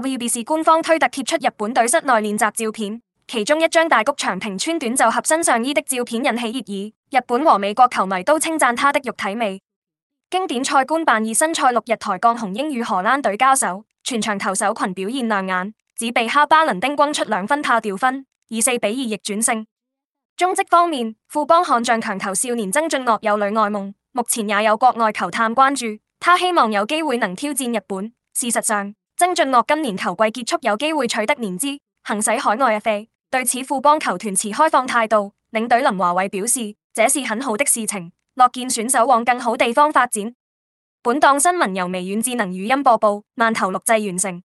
WBC 官方推特貼出日本隊室內練習照片，其中一張大谷翔平穿短袖合身上衣的照片引起熱議。日本和美國球迷都稱讚他的肉體美。經典賽官辦熱身賽六日抬槓紅英與荷蘭隊，隊交手，全場投手群表現亮眼，只被哈巴林丁轟出兩分，怕掉分，以四比二逆轉勝。中職方面，富邦悍將強投少年曾俊樂有旅外夢，目前也有國外球探關注，他希望有機會能挑戰日本。事實上。曾俊樂今年球季結束有機會取得年資，行使海外 FA。對此，富邦球團持開放態度。領隊林華偉表示，這是很好的事情，樂見選手往更好地方發展。本檔新聞由微軟智能語音播報，慢頭錄製完成。